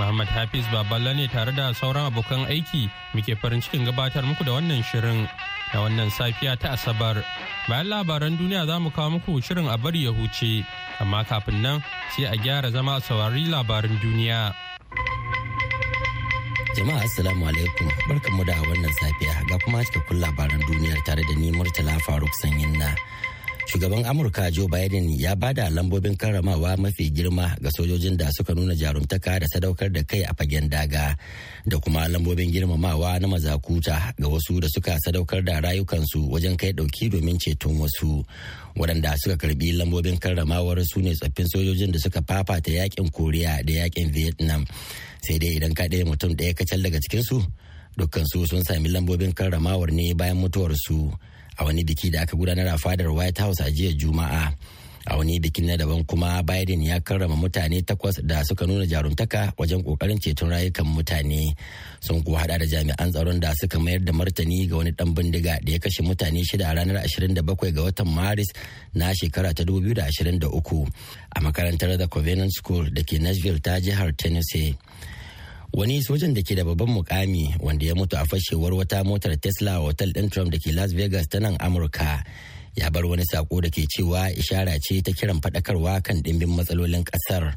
Muhammad Hafiz Baballa ne tare da sauran abokan aiki muke farin cikin gabatar muku da wannan shirin da wannan safiya ta Asabar. Bayan labaran duniya za mu kawo muku shirin a bari ya huce, amma kafin nan sai a gyara zama a saurari labarin duniya. Jama'a Assalamu alaikum barkanmu da wannan safiya ga kuma cikakkun labaran duniya tare da ni Murtala Faruk Sanyin na. shugaban amurka joe biden ya bada lambobin karramawa mafi girma ga sojojin da suka nuna jarumtaka da sadaukar da kai a fagen daga da kuma lambobin girmamawa na mazakuta ga wasu da suka sadaukar da rayukansu wajen kai dauki domin ceton wasu waɗanda suka karbi lambobin karramawar su ne tsaffin sojojin da suka fafata yakin koriya da yakin vietnam sai dai idan ka ɗaya mutum ɗaya kacal daga cikinsu dukkansu sun sami lambobin karramawar ne bayan mutuwarsu. su a wani biki da aka gudanar a fadar white house a jiya juma'a a wani bikin na daban kuma biden ya karrama mutane takwas da suka nuna jaruntaka wajen kokarin ceton rayukan mutane sun kuwa hada da jami'an tsaron da suka mayar da martani ga wani dan bindiga da ya kashe mutane shida a ranar 27 ga watan maris na shekara ta 2023 a makarantar the covenant school da ke nashville ta jihar tennessee wani sojan da ke da babban mukami wanda ya mutu a fashewar wata motar tesla a otal ɗin trump da ke las vegas ta nan amurka ya bar wani sako da ke cewa ishara ce ta kiran fadakarwa kan dimbin matsalolin kasar.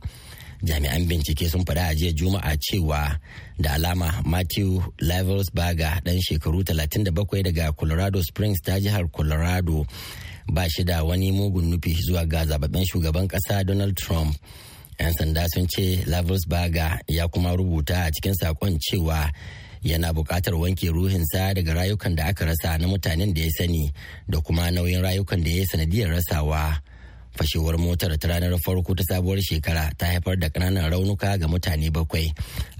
jami'an bincike sun faɗa a jiya juma'a cewa da alama matthew baga ɗan shekaru 37 daga colorado springs ta jihar colorado ba shi da wani mugun nufi zuwa ga zababben shugaban ƙasa donald trump 'yan sanda sun ce baga ya kuma rubuta a cikin sakon cewa yana buƙatar wanke ruhinsa daga rayukan da aka rasa na mutanen da ya sani da kuma nauyin rayukan da ya yi sanadiyar rasawa fashewar motar ta ranar farko ta sabuwar shekara ta haifar da ƙananan raunuka ga mutane bakwai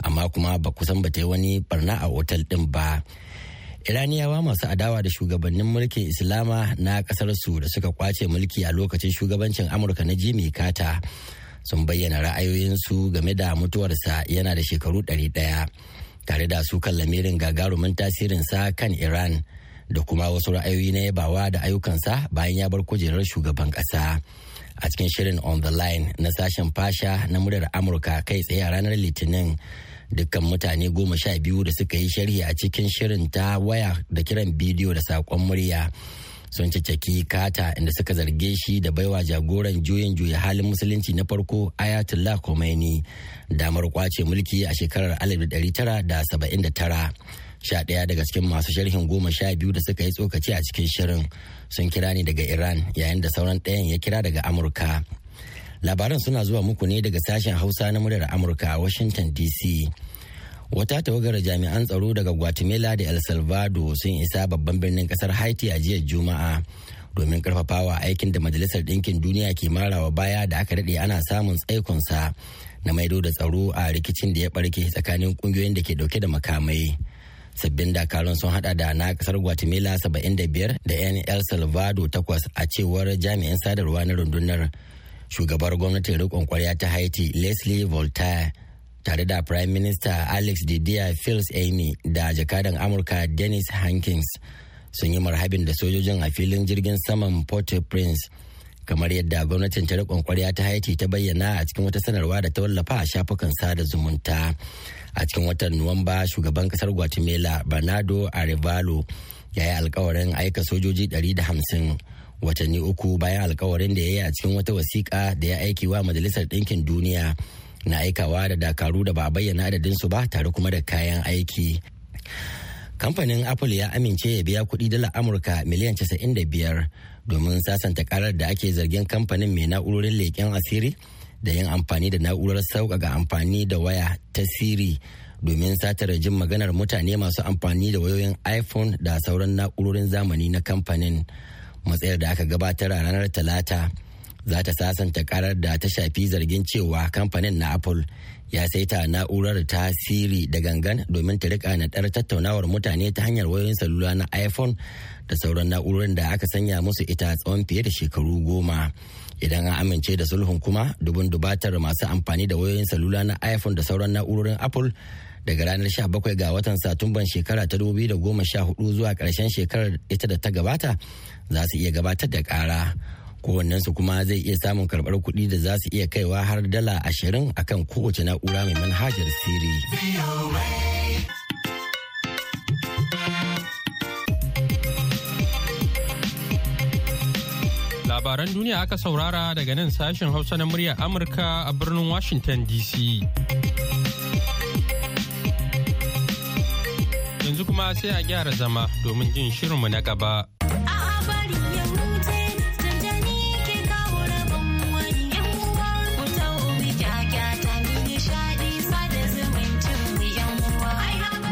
amma kuma ba kusan ba ta yi wani barna a otal ɗin ba Iraniyawa masu adawa da shugabannin mulkin Islama na kasar su da suka kwace mulki a lokacin shugabancin Amurka na Jimmy Carter sun bayyana ra'ayoyinsu game da mutuwarsa yana da shekaru ɗari ɗaya tare da su kan lamirin gagarumin tasirinsa kan iran da kuma wasu ra'ayoyi na yabawa da ayyukansa bayan ya bar kujerar shugaban ƙasa a cikin shirin on the line na sashen fasha na muryar amurka kai tsaye a ranar litinin dukkan mutane goma sha biyu da suka yi sharhi a cikin shirin ta waya da kiran bidiyo da saƙon murya sun caccaki kata inda suka zarge shi da baiwa jagoran juyin juya halin musulunci na farko ayatollah khomeini damar kwace mulki a shekarar 1979 sha ɗaya daga cikin masu sharhin goma sha biyu da suka yi tsokaci a cikin shirin sun kira ne daga iran yayin da sauran ɗayan ya kira daga amurka labaran suna zuwa muku ne daga sashen hausa na muryar amurka a washington dc wata tawagar jami'an tsaro daga guatemala da el salvador sun isa babban birnin kasar haiti a jiya juma'a domin karfafawa aikin da majalisar ɗinkin duniya ke marawa baya da aka daɗe ana samun tsaikonsa na maido da tsaro a rikicin da ya barke tsakanin ƙungiyoyin da ke dauke da makamai sabbin dakarun sun hada da na kasar guatemala 75 da yan el salvador 8 a cewar jami'in sadarwa na rundunar shugabar gwamnatin rikon kwarya ta haiti leslie voltaire tare da prime minister alex didier fils amy da jakadan amurka dennis hankins sun yi marhabin da sojojin a filin jirgin saman port prince kamar yadda gwamnatin ta riƙon kwarya ta haiti ta bayyana a cikin wata sanarwa da ta wallafa a shafukan sada zumunta a cikin watan nuwamba shugaban kasar guatemala bernardo arevalo ya yi alkawarin aika sojoji da hamsin watanni uku bayan alkawarin da ya yi a cikin wata wasiƙa da ya aiki wa majalisar ɗinkin duniya na aikawa da dakaru da ba bayyana adadin su ba tare kuma da kayan aiki kamfanin apple ya amince ya biya kuɗi dala amurka miliyan 95 domin sasanta karar da ake zargin kamfanin mai na'urorin leƙen asiri da yin amfani da na'urar sauƙaƙa amfani da waya ta siri domin satar jin maganar mutane masu amfani da wayoyin iphone da sauran na'urorin zamani na kamfanin matsayar da aka gabatar a ranar talata za ta sasanta karar da ta shafi zargin cewa kamfanin na apple ya saita na'urar ta siri da gangan domin ta rika naɗar tattaunawar mutane ta hanyar wayoyin salula na iphone da sauran na'urorin da aka sanya musu ita tsawon fiye da shekaru goma idan an amince da sulhun kuma dubun dubatar masu amfani da wayoyin salula na iphone da sauran na'urorin apple daga ranar 17 ga watan satumban shekara ta 2014 zuwa karshen shekarar ita da ta gabata za su iya gabatar da kara kowannensu kuma zai iya samun karɓar kuɗi da za su iya kaiwa har dala ashirin a akan kowace na'ura mai manhajar siri. Labaran duniya aka saurara daga nan sashen Hausa na muryar Amurka a birnin Washington DC. Yanzu kuma sai a gyara zama domin jin shirinmu na gaba.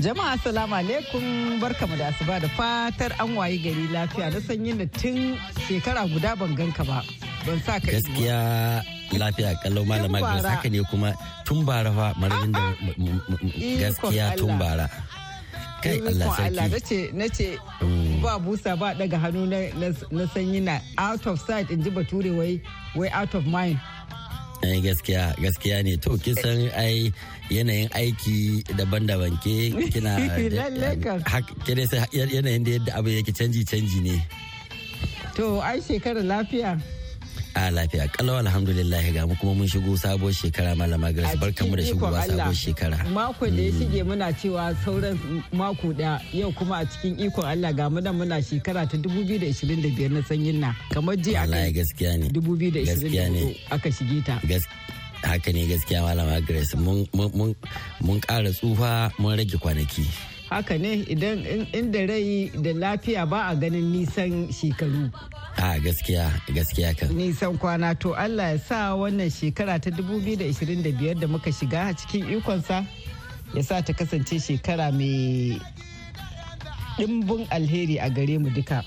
Jama'a salamu alaikum barkamu da asuba da fatar an wayi gari lafiya na sanyin da tun shekara guda ban ganka ba. Ban sa ka Gaskiya lafiya kallon malama Grace haka ne kuma tun bara fa marabin da ah, gaskiya tun bara. Kai Allah sarki. Na ce mm. ba busa ba daga hannu na sanyi na out of sight in ji bature wai out of mind. eh gaskiya gaskiya ne to san ai yanayin aiki daban-daban ke kina sai yanayin da yadda abu yake canji canji ne to ai shekarar lafiya a lafiya kalau alhamdulillah ga mu kuma mun shigo sabo shekara malama grace barkan mu da shigowa sabo shekara mako da ya mm. shige muna cewa sauran mako da yau kuma a cikin ikon Allah ga mu muna shekara ta 2025 na sanyin na kamar ji a gaskiya ne 2024 aka shige ta haka ne gaskiya malama grace mun ƙara tsufa mun rage kwanaki haka ne idan inda rai da lafiya ba a ganin nisan shekaru a gaskiya gaskiya kan nisan kwana to allah ya sa wannan shekara ta 2025 da muka shiga cikin ikonsa ya sa ta kasance shekara mai dimbin alheri a gare mu duka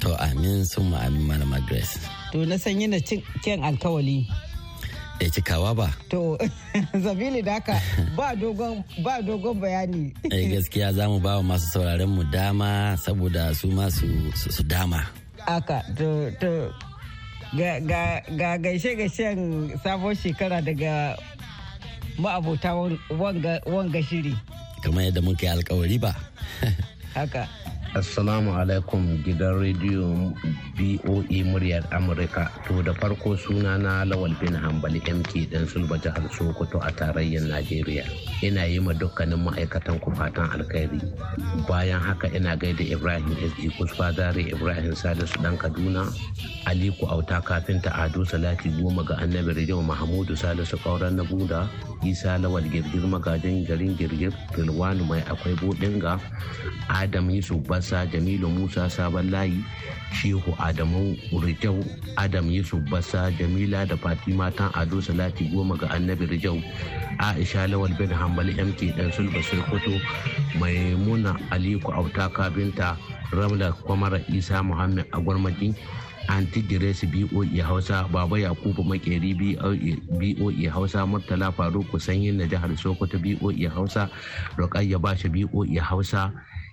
to amin sun ma'amin mana grace to na sanyi na cin alkawali ya cikawa ba. To, zabili daka ba dogon bayani. Eh gaskiya za mu ba wa masu sauraren mu dama saboda su masu su dama. Aka, to, to, ga gaishe gashen sabon shekara daga ma'abota wanga shiri. Kamar yadda muka yi alkawari ba. Haka. Assalamu alaikum gidan rediyo BOE muryar Amurka. To da farko suna na Lawal bin Hambali MK dan Sulba jihar Sokoto a tarayyar Najeriya. Ina yi ma dukkanin ma'aikatan ku fatan alkhairi. Bayan haka ina gaida Ibrahim SD Kusfa Zare Ibrahim Salisu dan Kaduna, Aliku Auta kafinta Ado Salati goma ga Annabi Rediyo Mahmudu Salisu Kauran na Buda, Isa Lawal Girgir magajin garin Girgir, Filwanu mai akwai ga Adam Yusuf Basa Jamilu Musa Sabon Layi Shehu Adamu Rijau Adam Yusuf Basa Jamila da Fatima Tan Ado Salati Goma ga Annabi Rijau Aisha Lawal bin Hambal MK Dan Sulba Sokoto Maimuna Aliku Autaka Binta Ramla Kwamara Isa Muhammad Agwarmaki anti diresi boe hausa baba yakubu makeri boe hausa murtala faruku sanyin na jihar sokoto boe hausa rukayya bashi boe hausa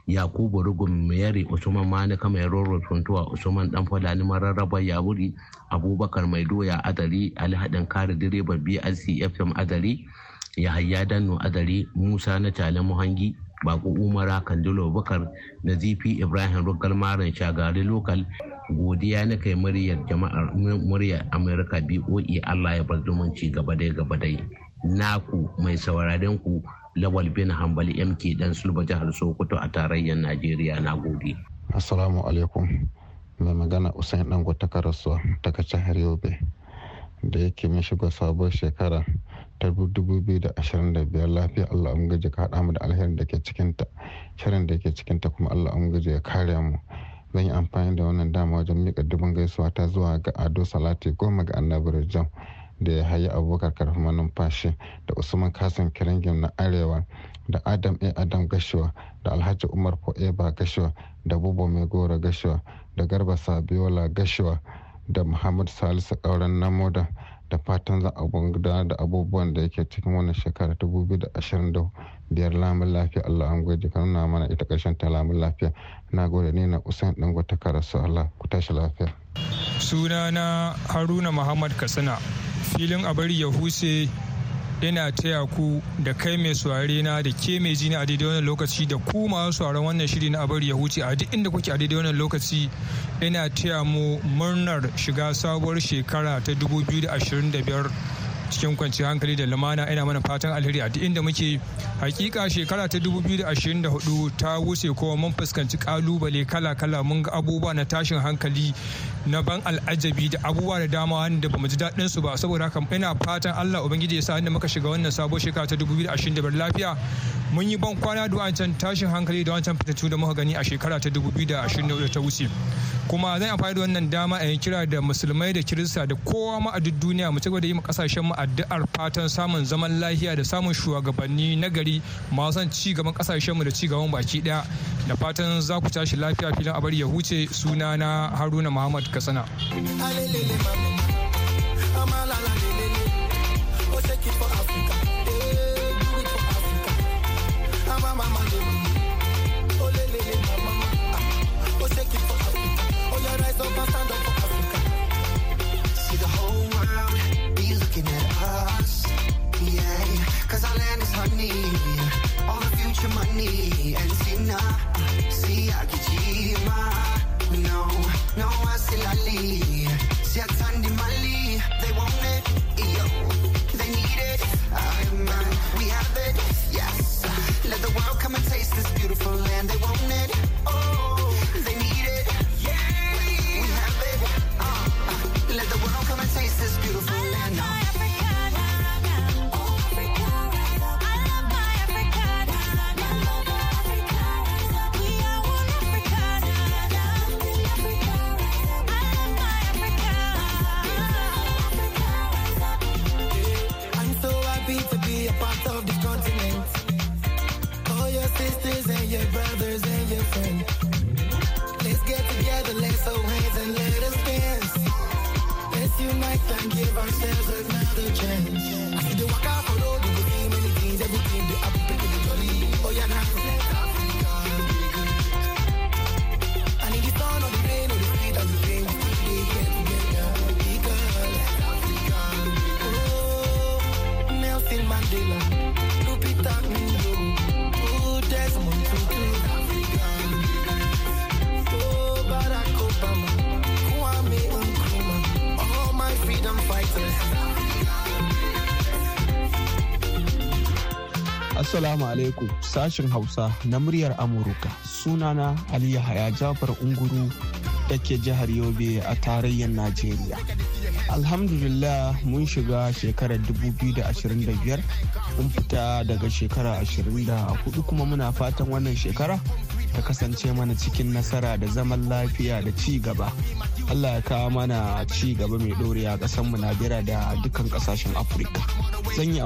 yakubu rugun mayari usman mani kamar roro tuntuwa usman dan fulani mararraba yaburi abubakar mai doya adari alhadin kare direba fm adari yahaya danno adari musa na tale muhangi bako umara kandilo bakar na zp ibrahim rugal maran shagari lokal godiya na kai muryar jama'ar muryar amurka boe allah ya bar zumunci gaba dai gaba dai naku mai sauraren ku lawal bin hambali mk dan sulba jihar sokoto a tarayyar najeriya na gobe assalamu alaikum mai magana usain dango ta karasuwa ta jihar yobe da yake mai shiga sabuwar shekara ta 2025 lafiya allah an gaji ka haɗa mu da alherin da ke cikinta shirin da ke cikinta kuma allah an gaji ya kare mu zan yi amfani da wannan dama wajen miƙa dubin gaisuwa ta zuwa ga ado salati goma ga annabi rajam da ya hayi abubakar karfi manumfashi da usman kasan kiringim na arewa da adam a adam gashiwa da alhaji umar fo'eba gashiwa da bubo mai gora gashiwa da garba sabiola gashiwa da muhammad salisu kauran namoda da fatan za a da abubuwan da yake cikin wannan shekara da ashirin biyar lamun lafiya Allah an gwaji ka nuna mana ita karshen ta lamun lafiya na gode ne na usain dangote karasu Allah ku tashi lafiya suna na haruna muhammad katsina filin a bari ya huse yana taya ku da kai mai saurare na da ke mai jini a daidai wannan lokaci da ku masu sauraron wannan shiri na abar ya huce a duk inda kuke a daidai wannan lokaci yana taya mu murnar shiga sabuwar shekara ta 2025 cikin kwanciyar hankali da lumana ina mana fatan alheri a duk inda muke hakika shekara ta 2024 ta wuce kuma mun fuskanci kalubale kala-kala mun ga abubuwa na tashin hankali na ban al'ajabi da abubuwa da dama wanda bamu ji daɗin su ba saboda haka ina fatan Allah ubangiji ya sa inda muka shiga wannan sabo shekara ta 2024 lafiya mun yi ban kwana da wancan tashin hankali da wancan fitattu da muka gani a shekara ta 2024 ta wuce kuma zan amfani da wannan dama a kira da musulmai da kirista da kowa ma a duk duniya mu cigaba da yi ma kasashen mu addu'ar fatan samun zaman lafiya da samun shugabanni na gari masu son ci gaban kasashen mu da ci gaban baki daya da fatan za ku tashi lafiya filin abar ya huce na haruna muhammad katsina Take it for Africa. mama money Oh lele le mama mama. Oh shake it for Africa. Oh rise up and stand up for Africa. See the whole world be looking at us. Yeah, cause our land is honey. All the future money and see now, see I can dream. alaikum sashen Hausa na muryar Amurka. Sunana Ali Yahaya Jafar Unguru da ke jihar Yobe a tarayyar Najeriya. Alhamdulillah mun shiga shekarar 2025 mun fita daga shekara 24 kuma muna fatan wannan shekara ta kasance mana cikin nasara da zaman lafiya da ci gaba allah ya kawo mana ci gaba mai ɗori a mu najeriya da dukkan kasashen afirka zan yi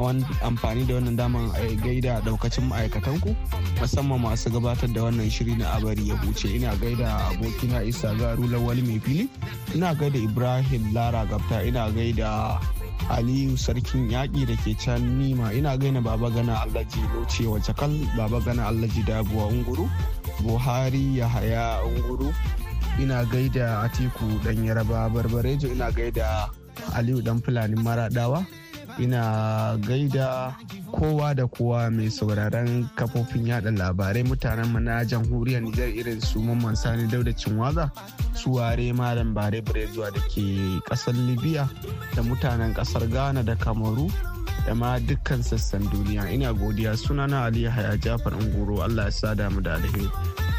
amfani da wannan daman gaida daukacin ma'aikatanku musamman masu gabatar da wannan shiri na abari ya huce ina gaida abokina isa garu lawali mai fili ina gaida ibrahim lara gafta ina gaida aliyu sarkin yaƙi da ke can nima ina gaina baba gana allaji loce wace kal baba gana allaji dabuwa unguru buhari yahaya unguru ina gaida atiku dan yaraba barbarejo ina gaida aliyu dan fulani maradawa ina gaida kowa da kowa mai sauraron kafofin yada labarai mutanen mu na jamhuriyar Nijar irin su Mamman Sani Dauda Cinwaza, ware Malam Bare zuwa da ke kasar Libya da mutanen kasar Ghana da Kamaru da ma dukkan sassan duniya ina godiya na Ali Yahaya Jafar Unguro Allah ya sada mu da alheri.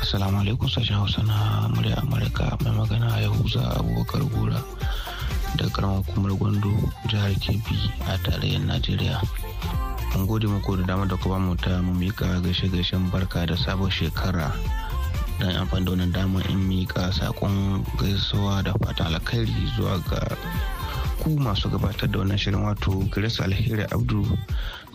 Assalamu alaikum sashen Hausa na murya Amurka mai magana Yahuza Abubakar Gora. da karamar hukumar Gwando jihar Kebbi a tarayyar Najeriya. Mun gode muku da dama da kuma mota ta mu mika gaishe gaishen barka da sabon shekara. don amfani da wannan dama in mika saƙon gaisuwa da fatan alkhairi zuwa ga ku masu gabatar da wannan shirin wato grace alheri abdu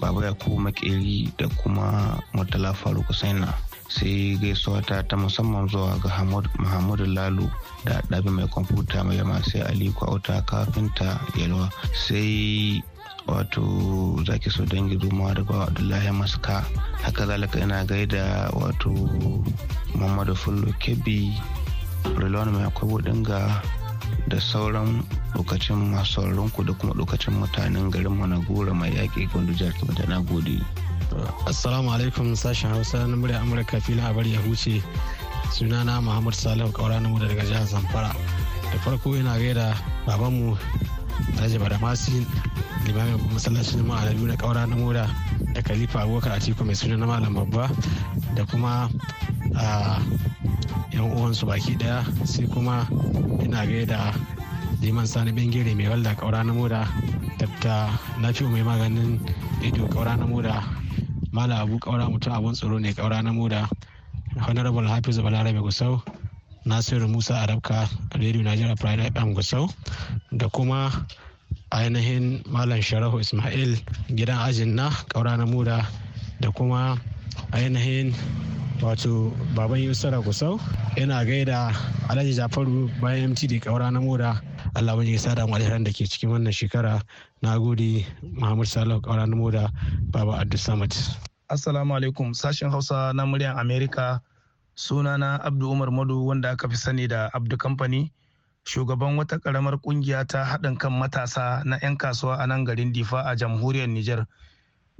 baba ku makeri da kuma murtala faruk husaina sai gaisuwa ta ta musamman zuwa ga Muhammadu Lalu da ɗabi mai kwamfuta mai yama sai Ali Kwauta kafinta yalwa sai wato zaki so dangi zuma da ba Abdullahi Maska haka zalika ina gaida wato Muhammadu Fullo Kebbi Rilon mai akwai dinga da sauran lokacin masu ku da kuma lokacin mutanen garin Managora mai yaƙi gundu jihar Kebbi da gode. assalamu alaikum sashen hausa na murya amurka filin abar ya huce sunana muhammad salihu kaura na daga jihar zamfara da farko yana gaida babanmu da masu limamin masallacin ma'ana na kaura na Muda da khalifa abubakar atiku mai suna na malam babba da kuma yan uwansu baki daya sai kuma ina gaida liman sani bengere mai walda kaura na Muda tabta na mai maganin ido kaura na Muda. mala abu kaura mutum abun tsoro ne kaura na moda honorable hafiz balarabe gusau nasiru musa arabka radio nigeria pride fm gusau da kuma ainihin malam sharahu ismail gidan ajin na kaura na moda da kuma ainihin wato baban yusra gusau ina gaida alhaji jafaru bayan mtd kaura na moda Allah bane yi sada mu da ke cikin wannan shekara na gode Muhammad Salihu Kaura ranar da Baba Abdul Samad Assalamu alaikum sashen Hausa na muryar Amerika sunana Abdu Umar Madu wanda aka fi sani da Abdu Company shugaban wata karamar kungiya ta haɗin kan matasa na 'yan kasuwa a nan garin Difa a jamhuriyar Nijar.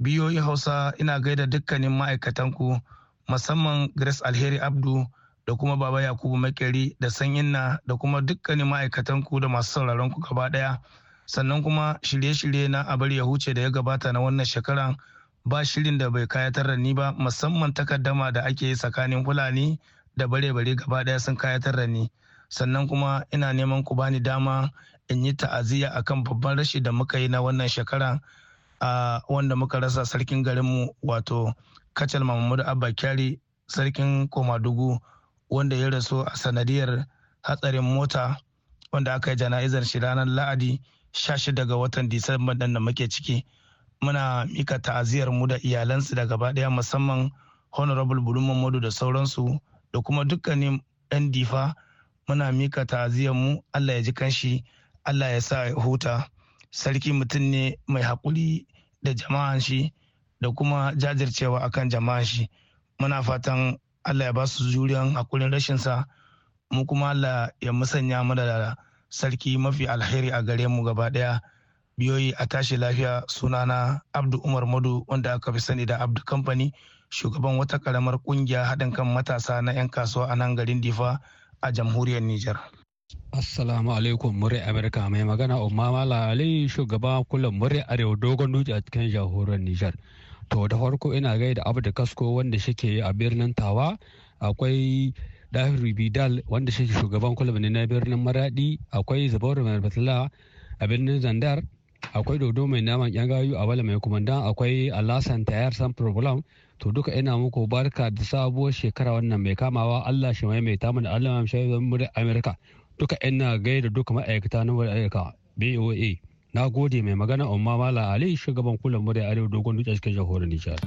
Biyoyi Hausa ina gaida dukkanin ma'aikatanku musamman Grace Alheri Abdu da kuma baba yakubu makeri da sanyin na da kuma dukkanin ma'aikatan ku da masu sauraron ku gaba daya sannan kuma shirye-shirye na abar ya huce da ya gabata na wannan shekaran ba shirin da bai kayatar da ni ba musamman takaddama da ake yi tsakanin fulani da bare-bare gaba daya sun kayatar da ni sannan kuma ina neman ku bani dama in yi ta'aziyya akan babban rashi da muka yi na wannan shekara a wanda muka rasa sarkin garinmu wato kacal mahmud abba kyari sarkin komadugu wanda ya rasu a sanadiyar hatsarin mota wanda aka yi jana'izar shi ranar la'adi 16 ga watan disamba dan da muke ciki muna mika ta'aziyar mu da iyalansu da gaba daya musamman honorable bulumman modu da sauransu da kuma dukkanin ɗan difa muna mika ta'aziyar mu allah ya ji kanshi allah ya sa ya huta sarki mutum ne mai haƙuri da jama'an shi da kuma jajircewa akan jama'an shi muna fatan Allah ya ba su juriyan hakurin rashin sa mu kuma Allah ya musanya mu da sarki mafi alheri a gare mu gaba daya biyoyi a tashi lafiya sunana Abdu Umar Madu wanda aka fi sani da Abdu Company shugaban wata karamar kungiya haɗin kan matasa na 'yan kasuwa a nan garin Difa a jamhuriyar Nijar. Assalamu alaikum murai Amerika mai magana Umma Mala Ali shugaba kullum murai Arewa dogon dutse a cikin jamhuriyar Nijar. To da farko ina gaida da Kasko wanda shike a birnin Tawa akwai Dahir Bidal wanda shi shugaban kulub na birnin Maradi akwai Zubairu Mai a birnin Zandar akwai Dodo Mai Naman Yan Gayu a Bala Mai Kumandan akwai Alasan Tayar San Problem to duka ina muku barka da sabuwar shekara wannan mai kamawa Allah shi mai ta mana Allah mai shaidar Amerika duka ina gaida duka ma'aikata na Amurka BOA na gode mai magana umma mala ali shugaban kula murya arewa dogon dutse cikin jamhuriyar nijar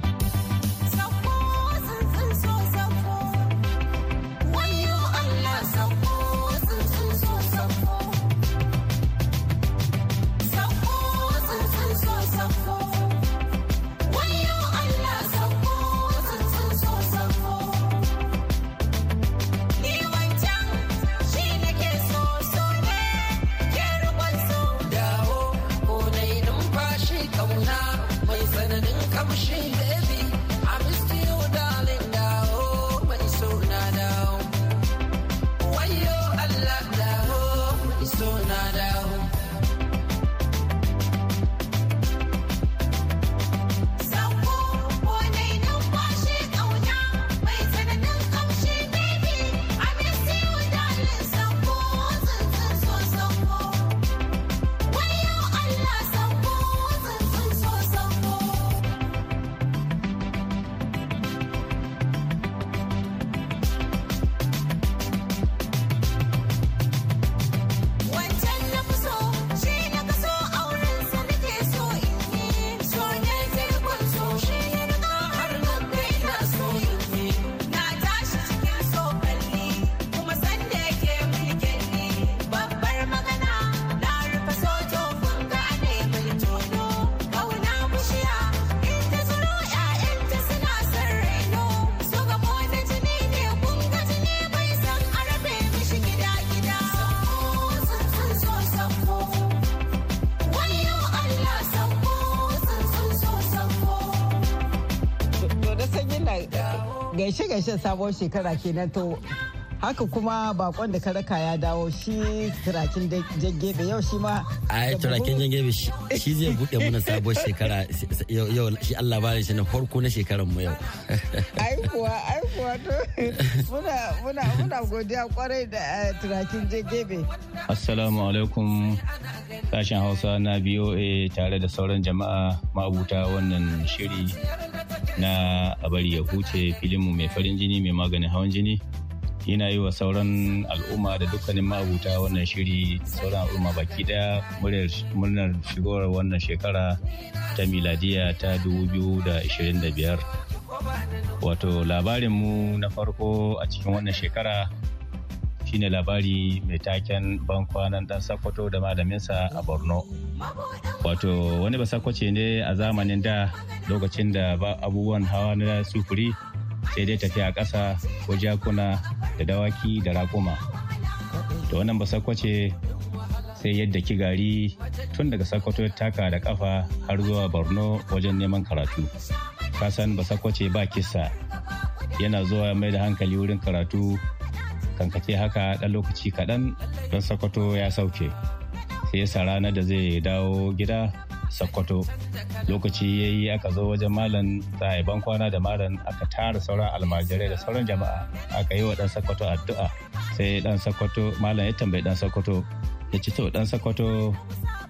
gaishe gaishe sabon shekara kenan to haka kuma bakon da karaka ya dawo shi turakin jangebe yau shi ma yi turakin jangebe shi zai bude mana sabon shekara yau shi Allah bani shi na farko na shekaran mu yau ai kuwa ai kuwa to muna muna muna godiya kwarai da eh, turakin jangebe assalamu alaikum sashen Hausa na BOA tare da sauran jama'a mabuta wannan shiri na a bari ya huce filinmu mai farin jini mai maganin hawan jini yana yi wa sauran al'umma da dukkanin mabuta wannan shiri sauran al'umma baki daya murnar shigowar wannan shekara ta miladiya ta 2025 wato labarinmu na farko a cikin wannan shekara shine labari mai taken ban kwanan dan Sakwato da malaminsa a Borno. Wato wani ba Sakwace ne a zamanin da lokacin da ba abubuwan hawa na sufuri sai dai tafiya ƙasa ko jakuna da dawaki da raƙuma. Da wannan Sakwace sai yadda ki tun daga Sokoto taka da kafa har zuwa Borno wajen neman karatu. Kasan Sakwace ba kisa yana zuwa mai da hankali wurin karatu kankace haka ɗan lokaci kaɗan don Sokoto ya sauke. Sai yasa ranar da zai dawo gida Sokoto. Lokaci ya yi aka zo wajen malam za a yi bankwana da malam aka tara sauran almajirai da sauran jama'a aka yi wa ɗan Sokoto addu'a. Sai ɗan Sokoto malam ya tambayi ɗan Sokoto ya ci to ɗan Sokoto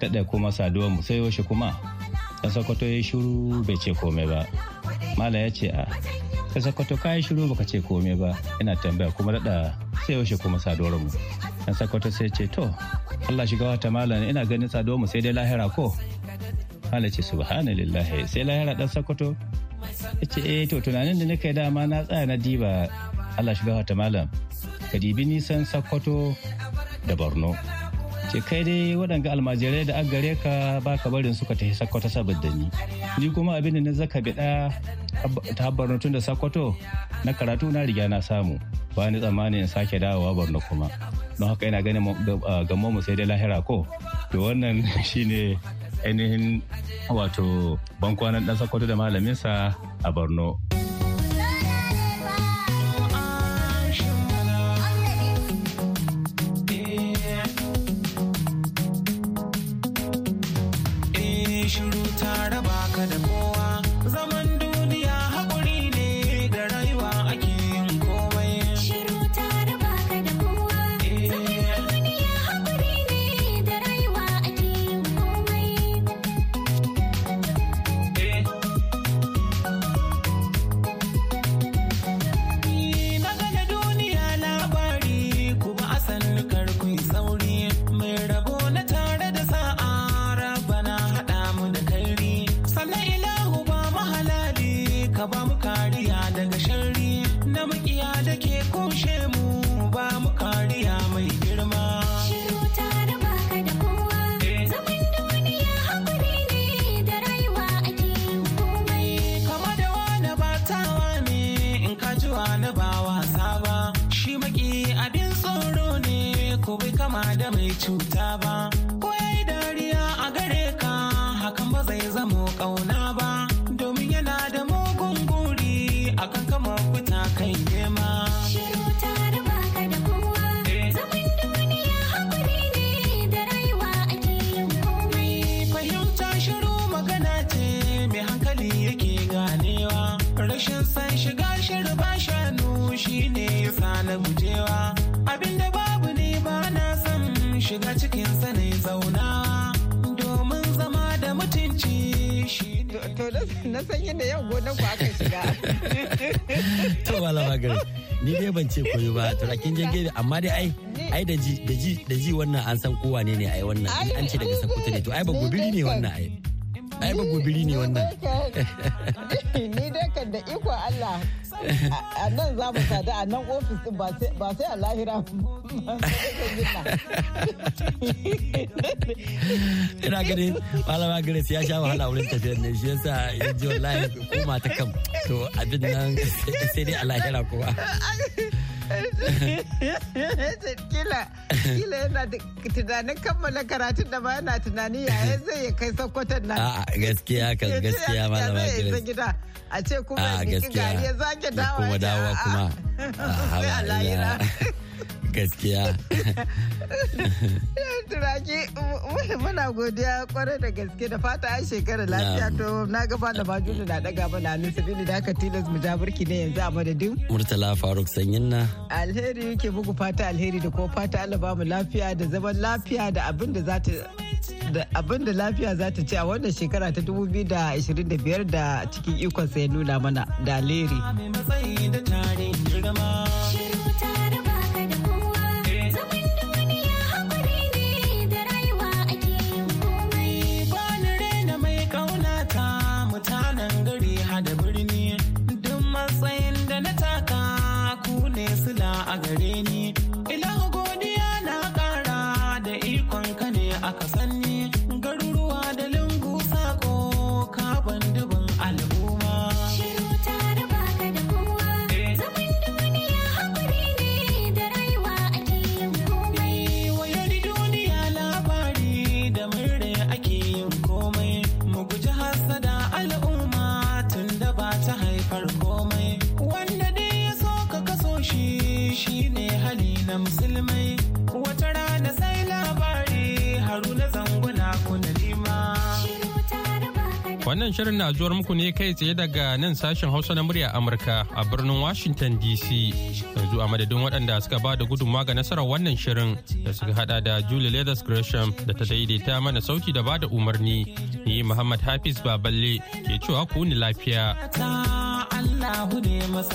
daɗa kuma saduwa mu sai yaushe kuma. Ɗan Sokoto ya yi shiru bai ce komai ba. Malam ya ce a ka sakwato kayan shiru baka ce komai ba yana tambaya kuma daɗa sai yaushe kuma saduwar mu dan sakwata sai ce to Allah shiga wata malam ina ganin saduwar mu sai dai lahira ko Allah ce subhanallah sai lahira dan sakwato ya ce eh to tunanin da nake dama na tsaya na diba Allah shiga wata malam ka dibi nisan sakwato da Borno ce kai dai waɗanga almajirai da an gare ka ba ka barin suka tafi sakwato saboda ni ni kuma abin da na zaka biɗa ta barno tun da sakwato na karatu na riga na samu ba ni tsammanin in sake dawowa borno kuma don haka yana ganin gamo mu sai dai lahira ko to wannan shine ainihin wato bankwanan dan sakwato da malaminsa a borno ko kama da mai cuta ba ko yayi dariya a gare ka hakan ba zai zamo kauna ba na san yadda yau gonar ku aka shiga to malama gari ni dai ban ce koyo ba to rakin jan gebe amma dai ai ai da ji wannan an san kowa ne ne ai wannan an ce daga sakuta ne to ai ba gobiri ne wannan ai ai ba gobiri ne wannan ni dai kan da iko Allah a nan za mu sadu a nan ofis din ba sai a lahira ina ganin malama grace ya sha wahala wurin tafiyar ne shi yasa yanzu wallahi koma ta kam to abin nan sai dai a lahira kuma kila kila yana tunanin kammala karatun da ba yana tunani yaya zai ya kai sokoton nan gaskiya kan gaskiya malama gida a ce kuma ya gari ya zake dawa kuma dawa kuma a gaskiya turaki muna godiya kwarai da gaske da fata a shekara lafiya to na gaba da juna na daga mana hannun sabili da aka tilas mu jaburki ne yanzu a madadin murtala faruk sanyin na alheri ke bugu fata alheri da kuma fata allah ba mu lafiya da zaman lafiya da abin da za ta da abin da lafiya za ta ce a wannan shekara ta 2025 da cikin ikonsa ya nuna mana da alheri. shi shine hali na musulmai wata rana sai labari haruna zanguna kuna nima wannan shirin na zuwar muku ne kai tsaye daga nan sashen hausa na murya amurka a birnin washington dc yanzu a madadin waɗanda suka ba da gudunmawa ga nasarar wannan shirin da suka hada da julie leathers gresham da ta daidaita mana sauki da ba da umarni ni muhammad hafiz baballe ke cewa ku ni lafiya Allah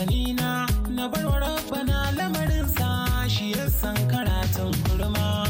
ne na barwa rabba na lamarin sa shi ya san karatun kurma